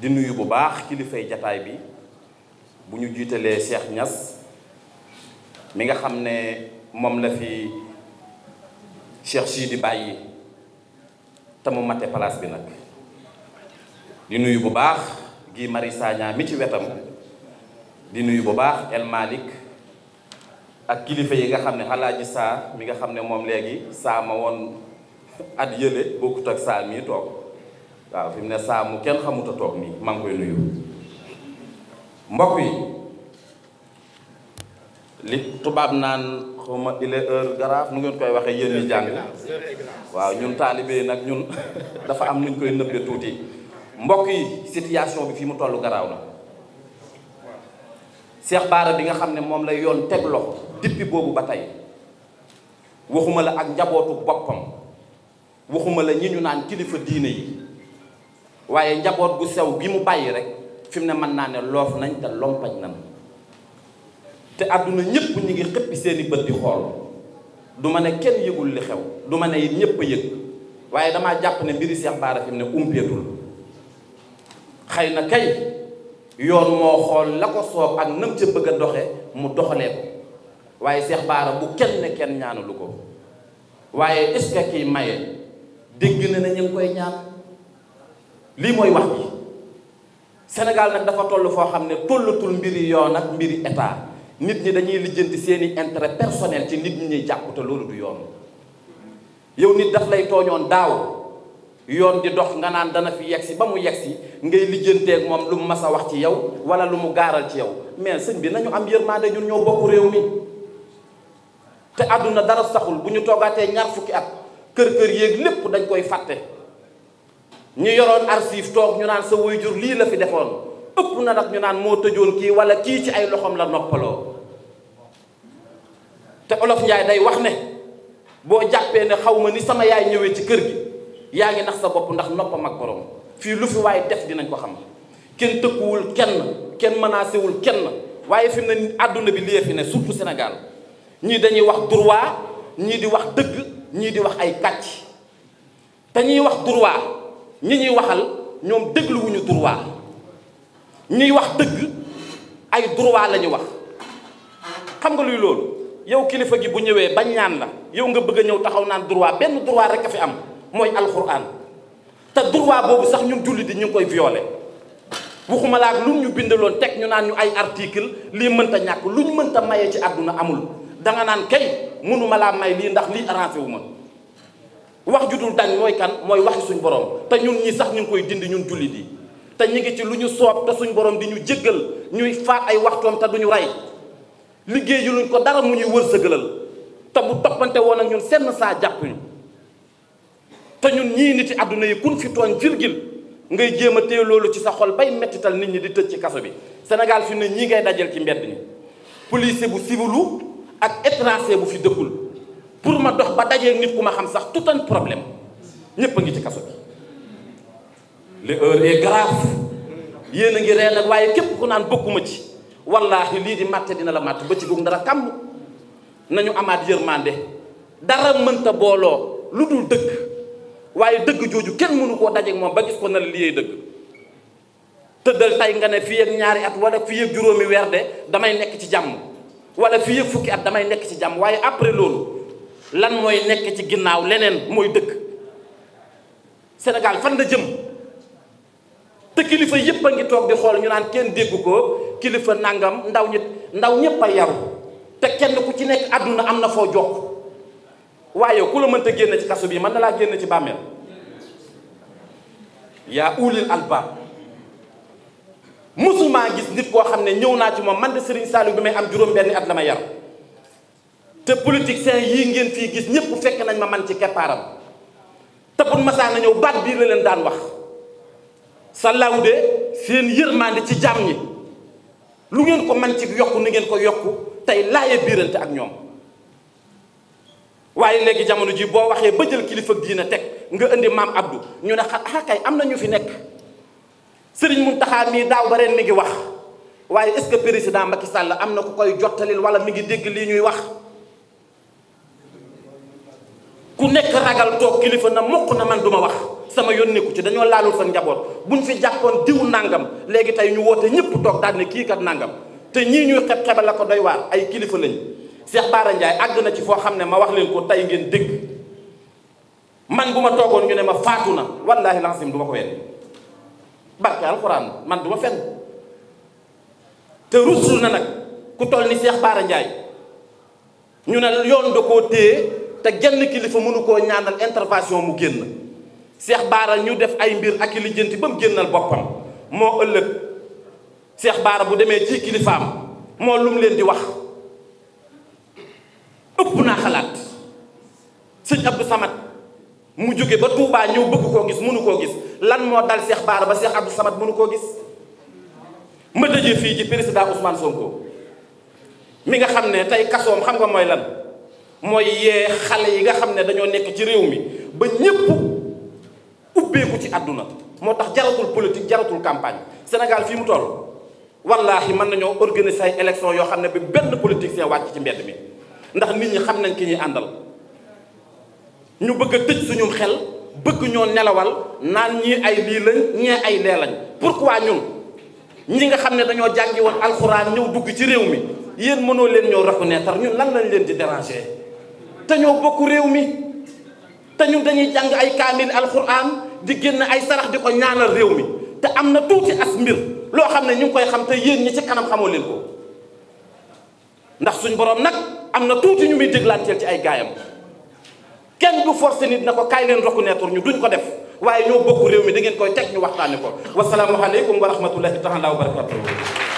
di nuyu bu baax kilifay jataay bi bu ñu jiitalee Cheikh ñas mi nga xam ne moom la fi si di bàyyi te mu mate place bi nag di nuyu bu baax Guy Marius Sagna mi ci wetam di nuyu bu baax El Malick ak kilifa yi nga xam ne alaaji saa mi nga xam ne moom léegi saa ma woon at yële bokkut ak saa mii toog waaw fi mu ne saa mu kenn xamut toog nii maa ngi koy nuyu mbokk yi li tubaab naan xawma il est heure mu nu ngeen koy waxee yéen ñi jàng waaw ñun taalibe nag ñun dafa am nuñ koy nëbbe tuuti mbokk yi situation bi fi mu toll garaaw na Cheikh Baara bi nga xam ne moom lay yoon teg loxo depuis boobu ba tey waxuma la ak njabootu boppam waxuma la ñi ñu naan kilifa diine yi waaye njaboot gu sew gi mu bàyyi rek fi mu ne mën naa ne loof nañ te na nañ te àdduna ñépp ñu ngi xëppi seeni bët di xool du ma ne kenn yëgul li xew du ma ne it ñépp a yëg waaye damaa jàpp ne mbiri Cheikh Baara fi ne umpeetul xëy na kay yoon moo xool la ko soob ak nam ca bëgg ndoxe mu doxalee ko waaye Cheikh Bara bu kenn kenn ñaanalu ko waaye est-ce que kii maye dégg na ne ñu koy ñaan lii mooy wax bi Sénégal nag dafa toll foo xam ne tollatul mbir yoon ak mbiri état nit ñi dañuy lijjanti seeni intérêt personnel ci nit ñi ñuy jàpp te loolu du yoon yow nit daf lay tooñoon daaw yoon di dox nga naan dana fi yegsi ba mu yegsi ngay lijjanteeg moom lu mu mas a wax ci yow wala lu mu gaaral ci yow mais sëñ bi nañu am yërmande ñun ñoo bokk réew mi te àdduna dara saxul bu ñu toogaatee ñaar fukki at kër-kër yéeg lépp dañ koy fàtte ñu yoroon archive toog ñu naan sa waajur lii la fi defoon ëpp na nag ñu naan moo tëjoon kii wala kii ci ay loxoom la noppaloo te olof Njaay day wax ne boo jàppee ne xaw ma ni sama yaay ñëwee ci kër gi yaa ngi nax sa bopp ndax noppam ak borom fii lu fi waaye def dinañ ko xam kenn tëkkuwul kenn kenn menacé wul kenn waaye fi mu ne àdduna bi lii fi ne surtout senegaal ñii dañuy wax droit ñii di wax dëgg ñii di wax ay kàcc te ñuy wax droit ñi ñuy waxal ñoom dégluwuñu droit ñuy wax dëgg ay droit la ñu wax xam nga luy loolu yow kilifa gi bu ñëwee bañ ñaan la yow nga bëgg a ñëw taxaw naan droit benn droit rek a fi am mooy alxuraan te droit boobu sax ñun jullit di ñu ngi koy violé waxuma laa ak lu ñu bindaloon teg ñu naan ñu ay article lii mënta ñàkk lu luñ mënta maye ci àdduna amul danga naan kay mënuma laa may lii ndax lii arrangé wu ma wax ju dul dañ mooy kan mooy waxi suñ borom te ñun ñi sax ñu ngi koy dindi ñun jullit yi te ñu ngi ci lu ñu soob te suñ borom di ñu jëggal ñuy faat ay waxtoon te duñu rey liggéey yu luñ ko dara mu ñuy wërsëgalal te bu toppante woon ak ñun senn saa jàpp te ñun ñii nit yi àdduna yi kun fi tooñ virgule ngay jéem a téye loolu ci sa xol bay mettital nit ñi di tëj ci kaso bi senegal fi ne ñii ngay dajal ci mbedd ñi policier bu civilu ak étranger bu fi dëkkul pour ma dox ba dajee nit ku ma xam sax tout un problème ñépp a ngi ci kaso bi l'heure est grave yéen a ngi ree waaye képp ku naan bokkuma ci wallaahi lii di màtte dina la matt ba ci goog dara kàmm nañu amaat yërmande dara mënta booloo lu dul dëkk waaye dëgg jooju kenn mënu koo dajeek moom ba gis ko na la liyee dëgg tëddal tey nga ne fii ak ñaari at wala fii ak juróomi weer de damay nekk ci jàmm wala fii ak fukki at damay nekk ci jàmm waaye après loolu lan mooy nekk ci ginnaaw leneen mooy dëkk senegal fan la jëm te kilifa yëpp a ngi toog di xool ñu naan kenn dégg ko kilifa nangam ndaw ñi ndaw ñëpp a yaru te kenn ku ci nekk àdduna am na foo jokk waaye ku la mënta génn ci kaso bii mën na laa génn ci bàmmeel yaa ulil albaab musuma gis nit koo xam ne ñëw naa ci moom man de Serigne Saliou bi may am juróom-benn at la ma yar te politiciens yii ngeen fii gis ñëpp fekk nañ ma man ci keppaaram te masaa na ñëw baat bii la leen daan wax salaaw de seen yërmande ci jàmm ñi lu ngeen ko man ci yokku ni ngeen ko yokk tey laaye biirante ak ñoom waaye léegi jamono jii boo waxee ba jël kilifa diina teg nga indi maam Abdou ñu ne xa kay am na ñu fi nekk sëriñ Serigne Mountakha mii daaw ba ren ngi wax waaye est-ce que président Macky Sall am na ku koy jottalil wala mi ngi dégg lii ñuy wax. ku nekk ragal toog kilifa na mokk na man duma wax sama yónneeku ci dañoo laalul sa njaboot bu ñu fi jàppoon diw nàngam léegi tey ñu woote ñëpp toog daal ne kii kat nàngam te ñii ñuy xeb xebal la ko doy waar ay kilifa lañ Cheikh Bara Ndiaye àgg na ci foo xam ne ma wax leen ko tey ngeen dégg. man bu ma toogoon ñu ne ma faatu na wallaahi laxasim du ma ko wenn barke alxuraan man duma ma fenn te rusul na nag ku toll ni seex Bara njaay ñu ne yoon da koo téye te genn kilifa mënu koo ñaanal intervention mu génn Cheikh Bara ñu def ay mbir ak lijjanti ba mu génnal boppam moo ëllëg Cheikh baara bu demee ci kilifaam moo lu leen di wax ëpp naa xalaat sëñ Abdou Samad mu jóge ba Touba ñëw bëgg koo gis mënu koo gis lan moo dal Cheikh Bara ba Cheikh Abdou Samad mënu koo gis ma tëjee fii ci président Ousmane Sonko mi nga xam ne tey kasoom xam nga mooy lan mooy yee xale yi nga xam ne dañoo nekk ci réew mi ba ñépp ubbeeku ci àdduna moo tax jaratul politique jaratul campagne senegal fii mu toll wallaahi mën nañoo organiser ay élection yoo xam ne bi benn politique seen wàcc ci mbedd mi ndax nit ñi xam nañ ki ñuy àndal ñu bëgg a tëj suñu xel bëgg ñoo nelawal naan ñii ay lii lañ ñee ay lee lañ pourquoi ñun ñi nga xam ne dañoo jàngi woon alxuraan ñëw dugg ci réew mi yéen mënoo leen ñoo reconnaître ñun lan lañ leen di déranger te ñoo bokk réew mi te ñun dañuy jàng ay kaamil alxuraan di génn ay sarax di ko ñaanal réew mi te am na tuuti as mbir loo xam ne ñu ngi koy xam te yéen ñi ci kanam xamoo leen ko ndax suñ borom nag am na tuuti ñu muy déglanteel ci ay gaayam kenn du forcé nit na ko kaay leen reconnaître ñu duñ ko def waaye ñoo bokk réew mi da ngeen koy teg ñu waxtaane ko wasalaamu aleykum wa rahmatullahi taala wa barakatuh